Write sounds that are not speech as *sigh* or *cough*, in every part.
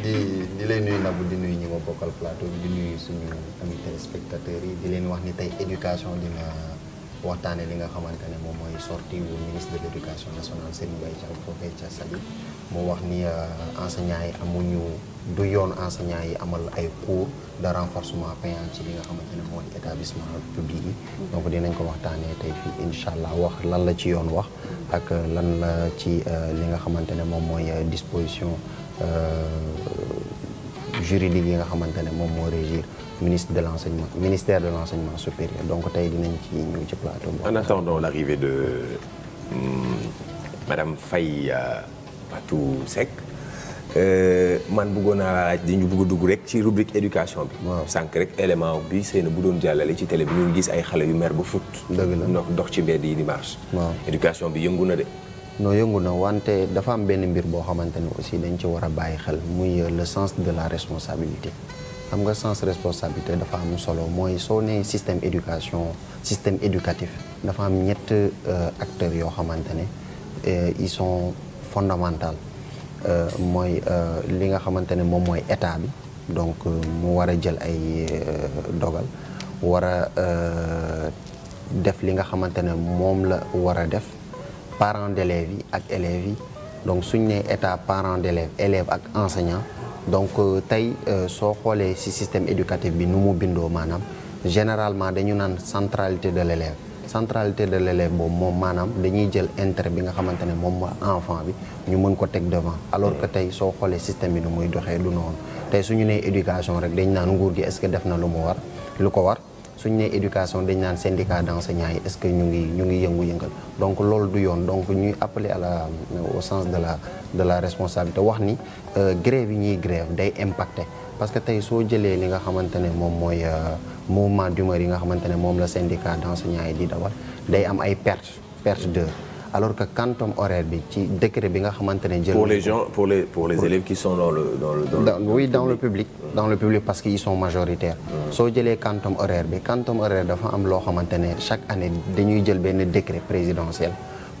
di di lay nuyu Nabou di nuyu ñi ma bokkal plateau bi nuy nuyu suñu ami téléspectateurs yi di leen wax ni tey éducation dina waxtaane li nga xamante ne moom mooy sortie wu ministre de l' éducation nationale Serigne Mbaye Thiam foofee ca Saly moo wax ni euh, enseignants yi amuñu du yoon enseignants yi amal ay cours de renforcement payant ci li nga xamante ne mooy établissement public yi donc dinañ ko waxtaanee tey fii incha allah wax lan la ci yoon wax ak euh, lan la ci euh, li nga xamante ne moom mooy disposition Euh, juridique yi nga xamante ne moom moo régir ministre de l'enseignement ministère de l'enseignement supérieur donc tey dinañ ci ñëw ci plateau bi. en attendant l'arrivée de hmm, madame Faye Patou euh, Seck euh, man bëggoon naa laa laaj dañu bëgg dugg rek ci rubrique éducation bi. waaw sànq rek élément bi seen bu doon jàllale ci télé bi ñu gis ay xale yu mer ba fut. dëgg la dox ci mbedd yi di marche. waaw éducation bi yëngu na de. noo yëngu na wante dafa am benn mbir boo xamante ne aussi dañ ci war a bàyyi xel muy euh, le sens de la responsabilité xam nga sens responsabilité dafa am solo mooy soo ne système éducation système éducatif dafa am ñett euh, acteurs yoo xamante ne euh, ils sont fondamentaux mooy li nga xamante ne moom mooy état bi donc mu war a jël ay dogal war a def li nga xamante ne moom la war a def parents d'élèves yi ak élèves yi donc suñ ne état parents d'élèves élèves ak enseignants donc euh, tey euh, soo xoolee ci système éducatif bi nu mu bindoo maanaam généralement dañu naan centralité de l'élève centralité de l'élève boobu moom maanaam dañuy jël intérêt bi nga xamante ne moom waa enfant bi ñu mën ko teg devant alors que tey soo xoolee système bi nu muy doxee du noonu tey ñu nee éducation rek dañ naan nguur gi est-ce que def na lu mu war lu ko war suñu nee éducation dañ naan syndicat d'enseignants yi est-ce que ñu ngi ñu ngi yëngu-yëngal donc loolu du yoon donc ñuy appeler la au sens de la de la responsabilité wax ni euh, grève yi ñuy grève day impacter parce que tey soo jëlee li nga xamante ne moom mooy euh, mouvement d'humeur yi nga xamante ne moom la syndicat d'enseignants yi di dawal day am ay perte perte d'heure alors que quantum horaire bi ci décret bi nga xamante ne jël pour les gens pour les pour les élèves qui sont dans le dans le dans public parce que ils sont majoritaires mm. soo jëlee quantum horaire bi quantum horaire dafa am loo xamante ne chaque année dañuy jël benn décret présidentiel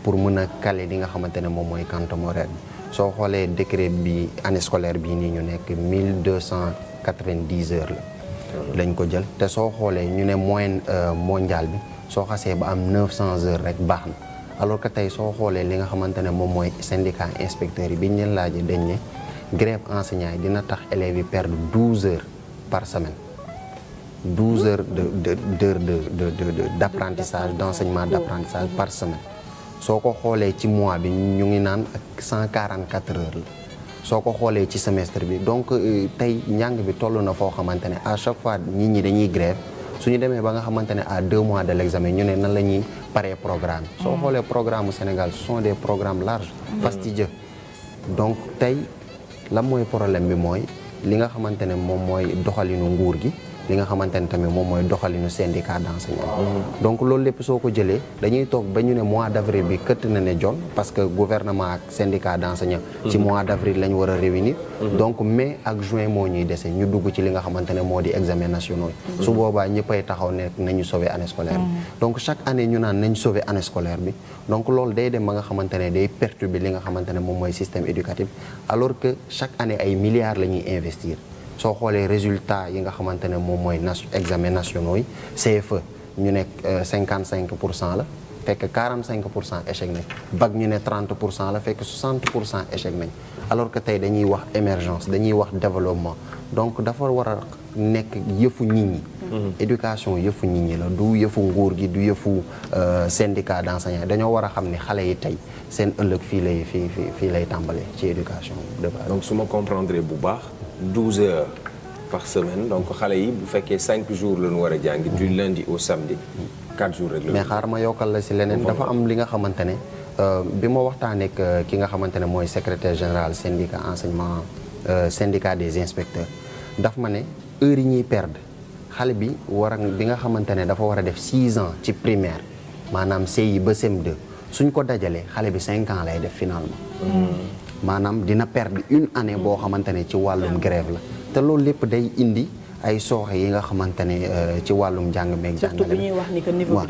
pour mën a caler li nga xamante ne moom mooy quantum horaire bi soo xoolee décret bi année scolaire bii nii ñu nekk mille deux cent quatre-vingt-dix la mm. lañ ko jël te soo xoolee ñu ne moyenne euh, mondiale bi soo xasee ba am neuf cent heures rek baax na alors que tey soo xoolee li nga xamante ne moom mooy syndicat inspecteurs yi bi ñu leen laajee dañ ne grève enseignants yi dina tax élèves yi perd douze heures par semaine douze heures de de de de de d' apprentissage d' enseignement d' apprentissage par semaine soo ko xoolee ci mois bi ñu ngi naan ak cent quarante quatre heures la soo ko xoolee ci semestre bi donc euh, tey njàng bi toll na foo xamante ne à chaque fois nit ñi dañuy grève suñu demee ba nga xamante ne à deux mois de l' examen ñu ne nan la ñuy paree programme soo xoolee programme mu Sénégal ce sont des programmes larges jë donc tey lan mooy problème bi mooy li nga xamante ne moom mooy doxalinu nguur gi li nga xamante ne tamit moom mooy doxalinu syndicat d'enseignants mm-hmm. donc loolu lépp soo ko jëlee dañuy toog ba ñu ne mois d'avril bi këtt na ne jon parce que gouvernement ak syndicat d'enseignants mm-hmm. ci mois d'avril lañ war a réunir mm-hmm. donc mais ak juin moo ñuy dese ñu dugg ci li nga xamante ne moo di examen nationaux su boobaa ñëppay taxaw ne nañu sauver année scolaire bi donc chaque année ñu naan nañ sauver année scolaire bi donc loolu day dem ba nga xamante ne day perturber li nga xamante ne moom mooy système éducatif alors que chaque année ay milliards la ñuy investir soo xoolee résultat yi nga xamante ne moom mooy na examen nationaux yi CFE ñu nekk 55 euh, pour cent la fekk 45 pour cent échec nañ bac ñu ne 30 pour cent la fekk 60 pour cent échec nañ alors que tey dañuy wax émergence dañuy wax développement donc dafa war a nekk yëfu nit ñi. Mm-hmm. éducation yëfu ñi la du yëfu nguur gi du yëfu euh, syndicat d'enseignants dañoo war a xam ni xale yi tey seen ëllëg fii lay fii fii lay tàmbalee ci éducation. donc su ma comprendre bu baax. 12 par semaine donc xale yi bu fekkee cinq jours la war a jàngi du lundi au samedi 4 jours rek mais xaar ma yokkal la si leneen dafa am li nga xamante ne euh, bi ma waxtaanee ak euh, ki nga xamante ne mooy secretaire général syndicat enseignement euh, syndicat des inspecteurs dafa ma ne heure yi ñuy perdre xale bi war a bi nga xamante ne dafa war a def 6 ans ci primaire maanaam CI ba CM2 suñ ko dajalee xale bi 5 ans lay def finalement hmm. maanaam dina perdre une année boo xamante ne ci wàllum grève la te loolu lépp day indi ay sooxe yi nga xamante ne euh, ci wàllum njàng meeg jàngale bi ñuy wax ni que niveau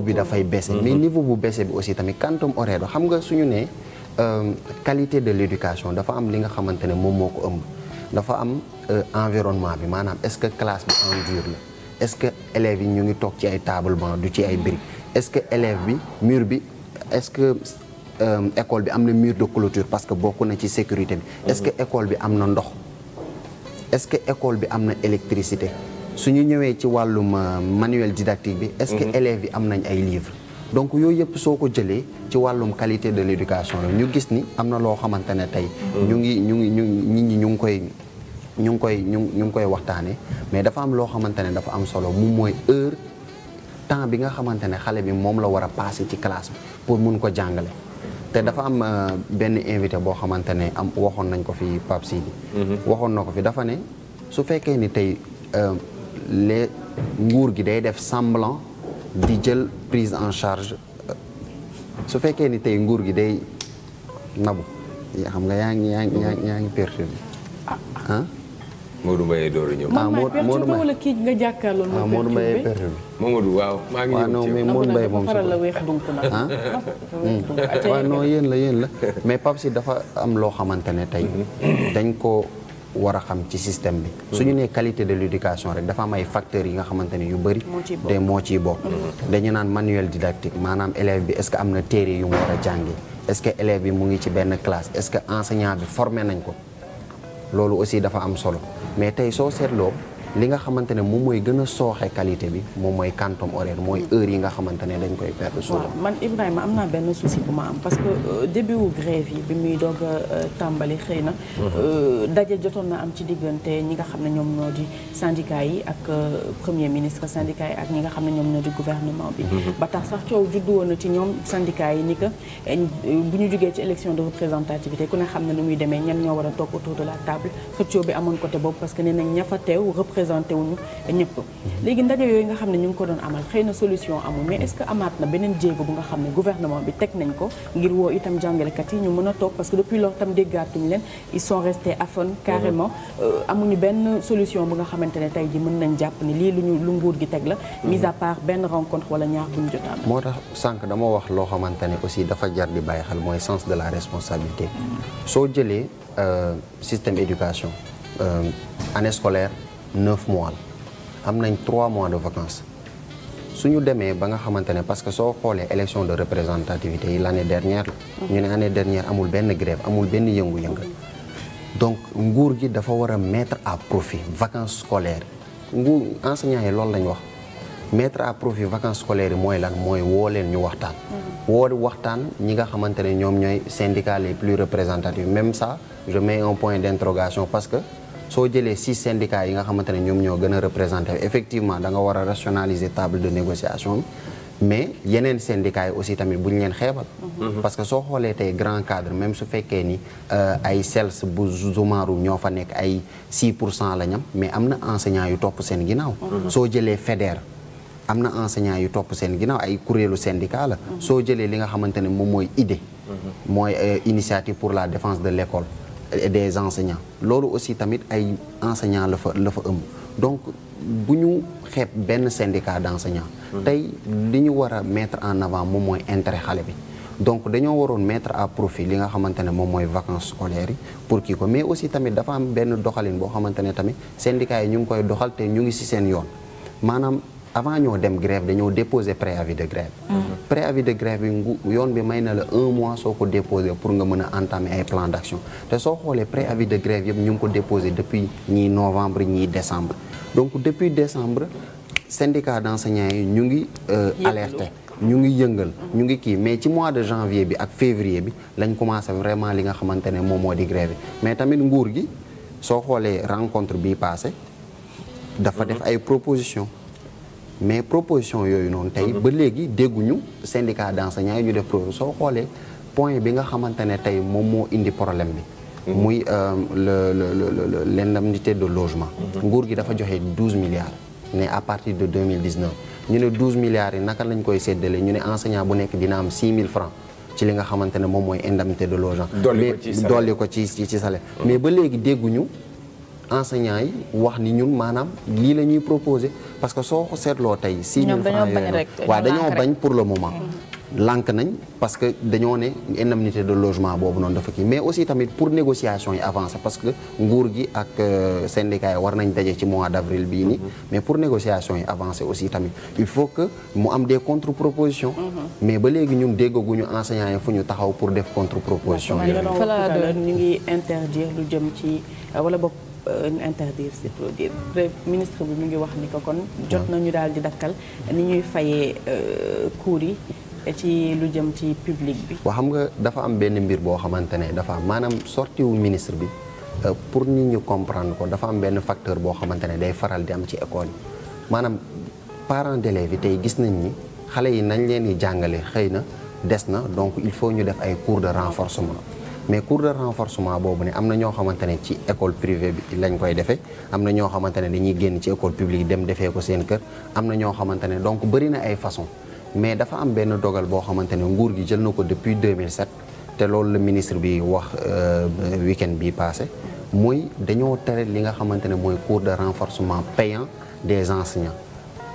bi dafay baissé niveau mm-hmm. mais niveau bu bese bi aussi tamit quantum horaire xam nga suñu ne euh, qualité de l'éducation dafa am li nga xamante ne moom moo ko ëmb dafa am euh, environnement bi maanaam est-ce que classe bi en dur la est-ce que élèves yi ñu ngi toog ci ay table banc du ci ay briques est-ce que élève bi mur bi Euh, école bi am na mur de clôture parce que bokk na ci sécurité bi. est-ce que école bi am na ndox. est-ce que école bi am na électricité su ñu ñëwee ci wàllum euh, manuel didactique bi. est-ce que mhm. élèves yi am nañ ay livres. donc yooyu yëpp soo ko jëlee ci wàllum qualité de l'éducation la ñu gis ni am na loo xamante ne tey. Mhm. ñu ngi ñu ngi ñu nit ñi ñu ngi koy ñu ngi koy ñu ngi koy waxtaanee mais dafa am loo xamante ne dafa am solo moom mooy heure temps bi nga xamante ne xale bi moom la war a passer ci classe bi pour mun ko jàngale. te dafa am euh, benn invité boo xamante ne am waxoon nañ ko fi Pape mhm. waxoon na ko fi dafa ne su fekkee ni tey euh, le nguur gi day def semblant di jël prise en charge euh, su fekkee ni tey nguur gi day nabu xam nga yaa ngi yaa ngi yaa moo du door a ñëw. Ah, moo Modou Mbaye wala kii nga jàkkaarloo. ah Modou waaw maa ngi ñëw ci non moom faral la weex hmm. yéen la yéen la mais Pape si dafa am loo xamante ne tey mhm. dañ ko war a xam ci système bi. Mhm. su ñu nee de l' rek dafa am ay facteurs yi nga xamante ne yu bëri. te moo ciy bokk. Mhm. dañu naan manuel didactique maanaam élève bi est ce que am na téere yu mu war a jàngee est ce que élève bi mu ngi ci benn classe est ce que enseignant bi formé nañ ko. loolu aussi dafa am solo mais tey soo seetloo li nga xamante ne moom mooy gën a sooxe qualité bi moom mooy quantum horaire mooy mm. heure yi nga xamante ne dañ koy perdre souvent. man Ibrahima am naa benn souci bu ma am parce que euh, début wu grève yi bi muy doog a euh, xëy na. Mm-hmm. Euh, daje jotoon na am ci diggante ñi nga xam ne ñoom ñoo di syndicats yi ak premier ministre syndicats yi ak nga xam ne ñoom ñoo di gouvernement bi. Mm-hmm. ba tax sax coow juddu woon na ci ñoom syndicats yi ni que bu ñu jugee ci élection de représentativité ku ne xam ne nu muy demee ñan ñoo war a toog autour de la table xëccoo bi amoon côté boobu parce que nee nañ ña fa teew représenté wuñu ñëpp léegi ndaje yooyu nga xam ne ñu ngi ko doon amal xëy na solution amul mais est-ce que amaat na beneen jéego bu nga xam ne gouvernement bi teg nañ ko ngir woo itam jàngalekat yi ñu mën a toog parce que depuis lors itam déggaatuñu leen ils sont restés aphones carrément euh, amuñu benn solution bu nga xamante ne tey ji mën nañ jàpp ni lii luñu lu nguur gi teg la mise à part benn rencontre wala ñaar buñu jotaan moo tax sànq dama wax loo xamante ne aussi dafa jar di bàyyi xel mooy sens de la responsabilité soo jëlee euh, système éducation euh, année scolaire neuf mois la am nañ trois mois de su ñu demee ba nga xamante ne parce que soo xoolee élection de représentativité yi l' année dernière la ñu ne année dernière amul benn grève amul benn yëngu-yëngu donc nguur gi dafa war a mettre à profit vacance scolaires nguur enseignants yi loolu lañ wax mettre à profit vacances scolaires yi mooy lan mooy woo leen ñu waxtaan woo waxtaan ñi nga xamante ne ñoom ñooy syndicats les plus représentatifs même ça je mets un d' interrogation parce que soo jëlee six syndicats yi nga xamante ne ñoom ñoo gën a représenté effectivement da nga war a rationaliser table de négociation bi mais yeneen syndicats yi aussi tamit bu ñu leen xeebal. Mhm. parce que soo xoolee tey grand cadre même su fekkee ni euh, ay sels bu Zumaaru ñoo fa nekk ay 6 pour cent la ñam mais am na enseignants yu topp seen ginnaaw. Mhm. soo jëlee FEDER am na enseignants yu topp seen ginnaaw ay kuréelu syndicat la. Mhm. soo jëlee li nga xamante ne moom mooy idée. mooy euh, initiative pour la défense de l' et des enseignants loolu aussi tamit ay enseignants la fa la fa ëmb donc bu ñu xeeb benn syndicat d'enseignants mhm. tey li ñu war a mettre en avant moom mooy intérêt xale bi donc dañoo waroon mettre à profit li nga xamante ne moom mooy vacance scolaires yi pour kii ko mais aussi tamit dafa am benn doxalin boo xamante ne tamit syndicat yi ñu ngi koy doxal te ñu ngi si seen yoon avant ñoo dem grève dañoo déposer préavis de grève. Mm. préavis de grève bi ngu yoon bi may na la un mois soo ko déposer pour nga mën a entamer ay plan d' action te soo xoolee préavis de grève yëpp ñu ngi ko déposer depuis ñii novembre ñii décembre donc depuis décembre syndicat d' enseignants yi ñu ngi euh, alerte ñu ngi yëngal ñu ngi kii mais ci mois de janvier bi ak février bi lañ commencé vraiment li nga xamante ne moom moo di bi mais tamit nguur gi soo xoolee rencontre bi passé dafa mm-hmm. def ay proposition mais proposition yooyu noonu tey mhm. ba léegi dégguñu syndicat d'enseignants yi ñu def pro soo xoolee point bi nga xamante ne tey moom moo indi problème bi mhm. muy euh, le le l'indemnité de logement mhm. nguur gi dafa joxe douze milliards ne à partir de 2019 ñu ne douze milliards yi naka lañ koy séddale ñu ne enseignant bu nekk dina am six mille francs ci li nga xamante ne moom mooy indemnité de logement dolli ko ci salaire mais ba léegi dégguñu enseignants yi wax ni ñun maanaam lii la ñuy proposé parce que soo ko seetloo tey si ñun franc yooyu waaw dañoo bañ pour le moment mm-hmm. lànk nañ parce que dañoo ne indemnité de logement boobu noonu dafa kii mais aussi tamit pour négociation yi avancer parce que nguur gi ak euh, syndicat war nañ daje ci mois d' avril bii nii. Mm-hmm. mais pour négociation yi avancer aussi tamit il faut que mu am des contre propositions. Mm-hmm. mais ba léegi ñun déggaguñu enseignants yi fu ñu taxaw pour def contre proposition. ñu ngi interdire ces produits ministre bi mu ngi wax ni ko kon jot nañu daal di dakkal ni ñuy fayee euh, cours yi ci lu jëm ci public bi waaw xam nga dafa am benn mbir boo xamante ne dafa am maanaam sorti wu ministre bi euh, pour nit ñu comprendre ko dafa am benn facteur boo xamante ne day faral di am ci école yi maanaam parents d'élèves yi tey gis nañ ni xale yi nañ leen di jàngale xëy na des na donc il faut ñu def ay cours de renforcement mais cours de renforcement boobu ne am na ñoo xamante ne ci école privée bi lañ koy defee am na ñoo xamante ne dañuy génn ci école publique dem defee ko seen kër am na ñoo xamante ne donc bëri na ay façon mais dafa am benn dogal boo xamante ne nguur gi jël na ko depuis 2007 te loolu la ministre bi wax euh, week-end bii passé mooy dañoo tere li nga xamante ne mooy cours de renforcement payan des enseignants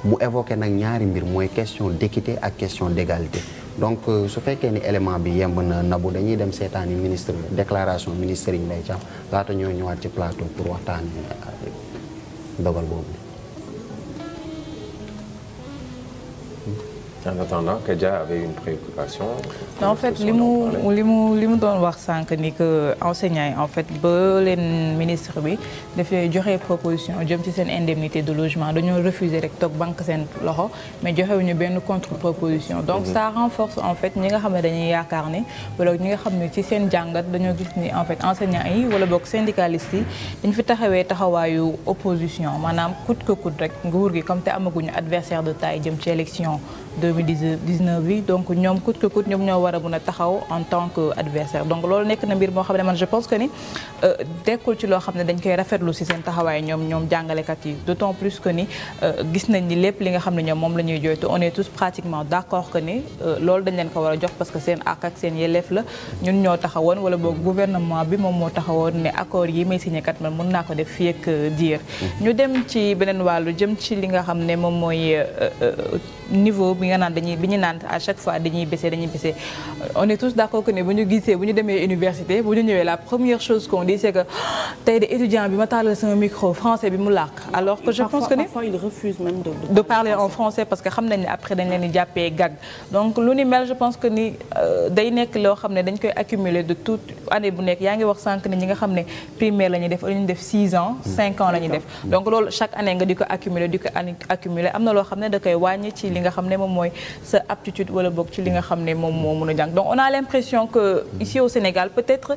mu évoqué nag ñaari mbir mooy question d'équité ak question d'égalité donc euh, su fekkee ni élément bi yemb na nabu dañuy dem seetaani ministre déclaration ministre Serigne Mbaye Thiam laata ñoo ñëwaat ci plateau pour waxtaani euh, dogal boobu. en attendant en fait li mu li mu li mu doon wax sànq ni que enseignants yi en fait ba leen ministre bi dafay joxe proposition jëm ci seen indemnité de logement dañoo refuser rek toog banque seen loxo mais joxewuñu benn contre proposition. donc mhm. ça renforce en fait ñi nga xam ne dañuy yaakaar ni wala ñi nga xam ne ci seen jàngat dañoo gis ni en fait enseignants yi wala boog syndicalistes yi dañu fi taxawee taxawaayu opposition maanaam coûte que coûte rek nguur gi comme te amaguñu adversaire de taille jëm ci 2019 bi donc ñoom coûte que coûte ñoom ñoo war a a taxaw en tant que adversaire donc loolu nekk na mbir moo xam ne man je pense que ni dekkul euh, ci loo xam ne dañ koy rafetlu si seen taxawaay ñoom ñoom jàngalekat yi d'autant plus que ni euh, gis nañ ni lépp li nga xam ne ñoom moom la ñuy jooytu on est tous pratiquement d'accord que ni euh, loolu dañ leen ko war a jox parce que seen ak ak seen yelleef la ñun ñoo taxawoon wala boog gouvernement bi moom moo taxawoon ne accord yi may naa ko def fii ak mmh. ñu dem ci beneen wàllu jëm ci li nga xam ne moom mooy nga naan dañuy bi naan à chaque fois dañuy baisser dañuy baisser on est tous d'accord que ne bu ñu gisee bu ñu demee université bu ñu ñëwee la première chose qu'on dit c'est *gasps* de étudiant bi ma taalal sama micro français bi mu làkk alors que pense que ne de parler en français parce que xam nañ ne après dañ leen jàppee gag donc lu ni mel je pense que ni euh, day nekk loo xam ne dañ koy accumuler de toute année bu nekk yaa ngi wax sànq ne ñi da nga xam ne moom mooy sa aptitude wala boog ci li nga xam ne moom moo mën a jàng donc on a l'impression ici au Sénégal peut-être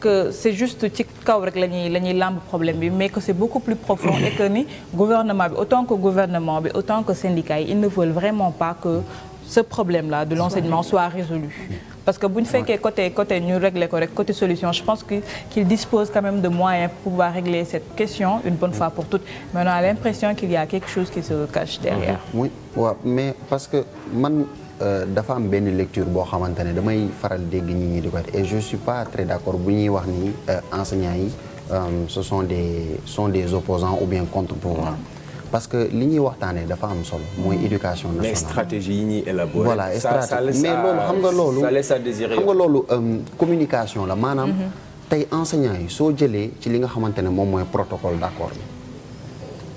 que c'est juste ci kaw rek la ñuy la ñuy làmb problème bi mais que c'est beaucoup plus profond et que ni gouvernement bi autant que gouvernement bi autant que syndicat yi ils ne veulent vraiment pas que ce problème-là de l'enseignement soit résolu parce que bu ñu fekkee côté côté ñu régler ko rek côté solution je pense que qu'il dispose quand même de moyens pour pouvoir régler cette question une bonne fois pour toutes mais on a l'impression qu'il y a quelque chose qui se cache derrière. Mhm. oui waaw mais parce que man euh, dafa am benn lecture boo xamante ne damay faral dégg nit ñi di ko et je suis pas très d'accord bu ñuy wax ni euh, enseignants yi euh, ce sont des sont des opposants ou bien contre pouvoir. parce que li ñuy waxtaanee dafa am solo mooy éducation nationale. mais stratégie yi ñuy élaborer. voilà stratégie mais loolu xam nga loolu. Euh, communication la maanaam. Mhm. tey enseignants yi soo jëlee ci li nga xamante ne moom mooy protocole d'accord bi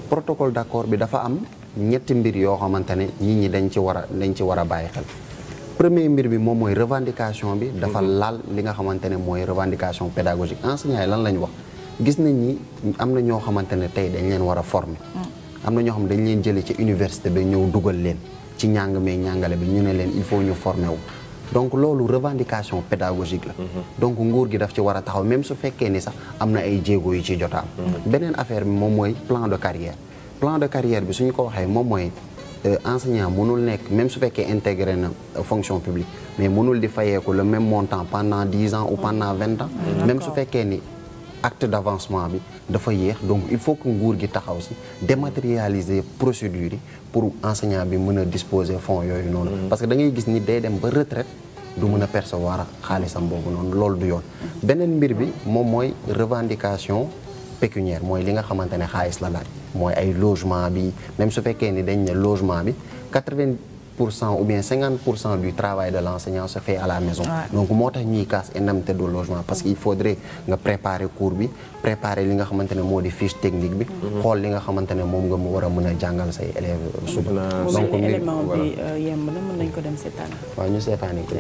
protocole d'accord bi dafa am ñetti mbir yoo xamante ne nit ñi dañ ci war a dañ ci war a bàyyi xel. premier mbir bi moom mooy revendication bi. dafa mhm. laal li nga xamante ne mooy revendication pédagogique enseignants yi lan lañ wax gis nañ ni am na ñoo xamante ne tey dañ leen war a former. Mm. am na ñoo xam dañ leen jëlee ci université ba ñëw dugal leen ci njàng mee njàngale bi ñu ne leen il faut ñu former wu donc loolu revendication pédagogique la mhm. donc nguur gi daf ci war a taxaw même su fekkee ni sax am na ay jéego yu ci jotaam mhm. beneen affaire bi moom mooy plan de carrière plan de carrière bi suñu ko waxee moom mooy euh, enseignant mënul nekk même su fekkee intégré na euh, fonction publique mais mënul di fayeeku le même montant pendant dix ans ou pendant vingt ans mhm. même su fekkee acte d' avancement bi dafa yéex donc il faut que nguur gi taxaw si dématérialiser procédure yi pour enseignant bi mën a disposer fonds yooyu noonu. Mm-hmm. parce que da ngay gis ni day dem ba retraite du mën a percevoir xaalisam boobu noonu loolu du yoon. beneen mbir bi moom mooy revendication pécuniaire mooy li nga xamante ne xaalis la laaj mooy ay logement bi même su fekkee ni dañ ne logement bi quatre pour cent ou cinquante pour cent du travail de l' enseignant se fait à la maison. Ouais. donc moo tax ñuy casse indemnité de logement parce que il faudrait nga préparer cours bi préparer li nga xamante ne moo di fiche technique bi. Mhm. xool li nga xamante ne moom nga war a mën a jàngal say élèves suba. donc élément bi euh, yemb na mën nañu ko dem seetaan. waaw ñu seetaanee ko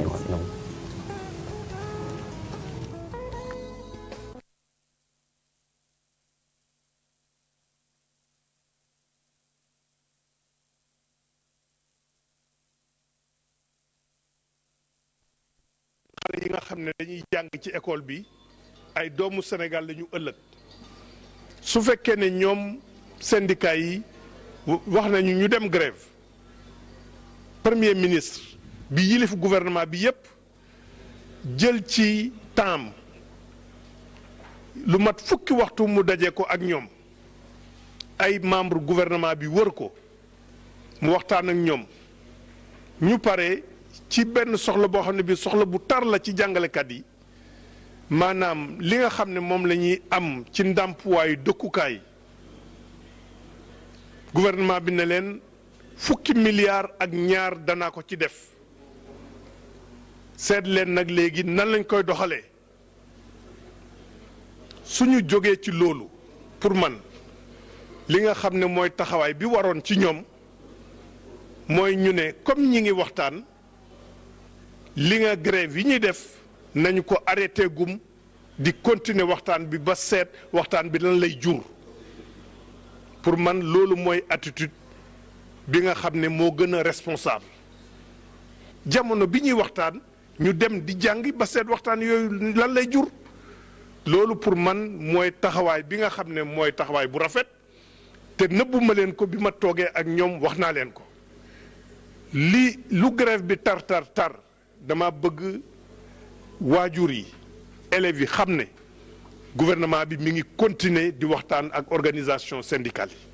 xale nga xam ne dañuy jàng ci ecole bi ay doomu Sénégal lañu ëllëg su fekkee ne ñoom syndicat yi wax nañu ñu dem grève premier ministre bi yilif gouvernement bi yépp jël ci temps lu mat fukki waxtu mu daje ko ak ñoom ay membre gouvernement bi wër ko mu waxtaan ak ñoom ñu pare ci benn soxla boo xam ne bii soxla bu tar la ci jàngalekat yi maanaam li nga xam ne moom lañuy am ci ndàmpuwaayu dëkkukaay gouvernement bi ne leen fukki milliards ak ñaar danaa ko ci def seet leen nag léegi nan lañ koy doxalee suñu jógee ci loolu pour man li nga xam ne mooy taxawaay bi waroon ci ñoom mooy ñu ne comme ñi ngi waxtaan. li nga grève yi ñuy def nañu ko arrêté gum di continuer waxtaan bi ba seet waxtaan bi lan lay jur pour man loolu mooy attitude bi nga xam ne moo gën a responsable jamono bi ñuy waxtaan ñu dem di jàngi ba seet waxtaan yooyu lan lay jur loolu pour man mooy taxawaay bi nga xam ne mooy taxawaay bu rafet te nëbbuma leen ko bi ma toogee ak ñoom wax naa leen ko li lu grève bi tar tar tar dama bëgg waajur yi élèves yi xam ne gouvernement bi mi ngi continuer di waxtaan ak organisation syndicale yi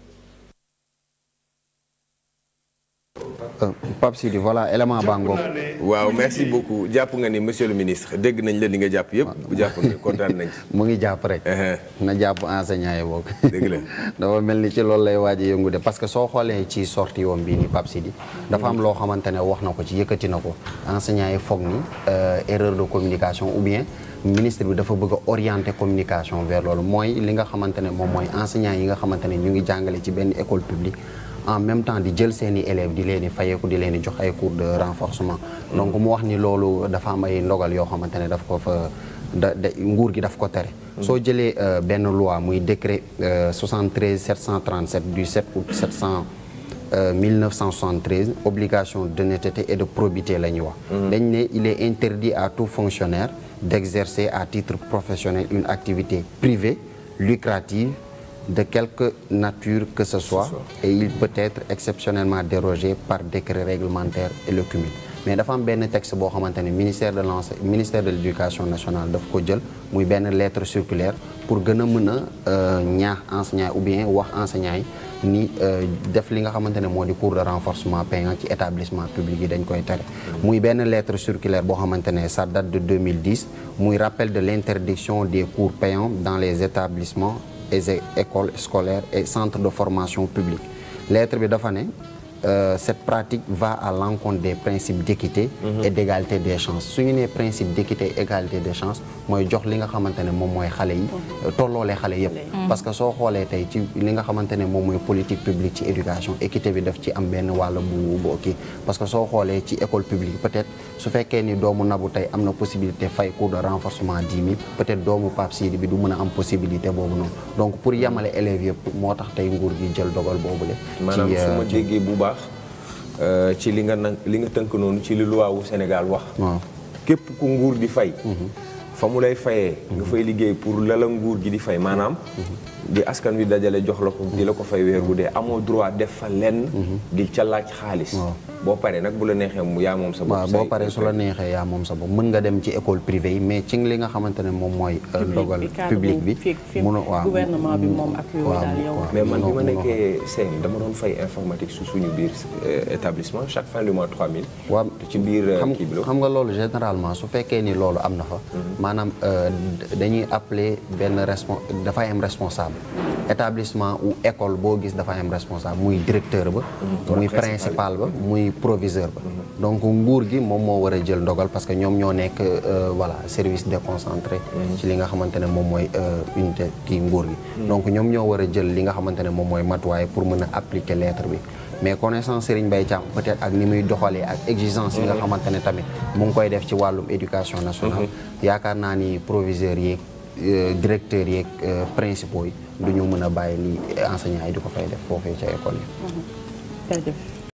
Euh, Pape voilà élément baa ngoog waaw merci beaucoup jàpp nga ni monsieur le ministre dégg nañ la li nga jàpp yëpp. bu jàpp nga kontaan *laughs* mu ngi jàpp rek. Uh-huh. na jàpp enseignant yi boog. dëgg la *laughs* dafa mel ni ci loolu lay waaj a yëngu de parce que soo xoolee ci sortie yoon bii nii Pape Sidi. dafa am loo xamante ne wax na ko ci yëkkati na ko. enseignant yi foog ni euh, erreur de communication ou bien. ministre bi dafa bëgg a communication vers loolu mooy li nga xamante ne moom mooy enseignant yi nga xamante ne ñu ngi jàngale ci benn école publique. en même temps di jël seen i élèves di leen di fayeeku di leen di jox ay cours de renforcement donc mu wax ni loolu dafa am ay ndogal yoo xamante ne daf ko fa da nguur gi daf ko tere soo jëlee euh, benn loi muy décret 73 euh, 737 du 7 août 700 1973 euh, obligation d'honnêteté et de probité la ñuy wax mm-hmm. dañ ne il est interdit à tout fonctionnaire d'exercer à titre professionnel une activité privée lucrative de quelque nature que ce soit et il peut être exceptionnellement dérogé par décret réglementaire et le mais dafa am benn texte boo xamante ne ministère de l'ense ministère de l'éducation nationale dafa ko jël muy benn lettre circulaire pour gën a mën a euh, ñaax enseignant ou bien wax enseignant yi ni euh, def li nga xamante ne moo di cours de renforcement payant ci établissement public yi dañ koy tere muy benn lettre circulaire boo xamante ne ça date de 2010 muy rappel de l'interdiction des cours payants dans les établissements et écoles scolaires et centres de formation publique lettre bi dafa ne euh, cette pratique va à l'encontre des principes d'équité mhm. et d'égalité des chances su ñu nee principe d'équité et égalité des chances mooy jox li nga xamante ne moom mooy xale yi tolloolee xale yëpp mhm. parce que soo xoolee tey ci li nga xamante ne moom mooy politique publique ci éducation équité bi daf ci am benn wàll bu bu kii parce que soo xoolee ci école publique peut-être su fekkee ni doomu nabu tey am na possibilité fay cours de renforcement dix mille peut-être doomu Pape Sidi bi du mën a am possibilité boobu noonu pour yamale élèves yëpp moo tax tey nguur gi jël dogal boobu Euh, ci li nga li nga tënk noonu ci li luwaawu Sénégal wax képp ku nguur di fay mhm. fa mu lay fayee nga fay liggéey pour lala nguur gi di fay maanaam di askan wi dajale jox la ko di la ko fay weer bu dee amoo droit def fa lenn di ca laaj xaalis boo paree nag bu la neexee mu yaa moom sa bopp paree su la neexee moom sa bopp mën nga dem ci école privée yi mais ci li nga xamante ne moom mooy euh, ndogal public bi mun waaw gouvernement bi moom ak yooyu daal yow mais man bi ma nekkee CM dama doon fay informatique su suñu biir euh, établissement chaque fin du mois 3000 waaw ci biir euh, xam nga loolu généralement su fekkee ni loolu am na fa mm-hmm. maanaam euh, dañuy appeler benn respon dafay am responsable établissement ou école boo gis dafa am responsable muy directeur ba mhm. muy principal ba muy proviseur ba mhm. donc nguur gi moom moo war a jël ndogal parce que ñoom ñoo nekk euh, voilà service déconcentré mhm. ci li nga xamante ne moom mooy euh, unité kii nguur gi donc ñoom ñoo war a jël li nga xamante ne moom mooy matuwaay pour mën a appliquer lettre bi mais connaissance Serigne bay Thiam peut ak ni muy doxalee ak exigence yi nga xamante ne tamit mu ngi koy def ci wàllum éducation nationale yaakaar naa ni proviseurs yeeg euh, directeurs yeeg euh, principaux yi du ñu mën a bàyyi li enseignants yi di ko fay def foofee ca école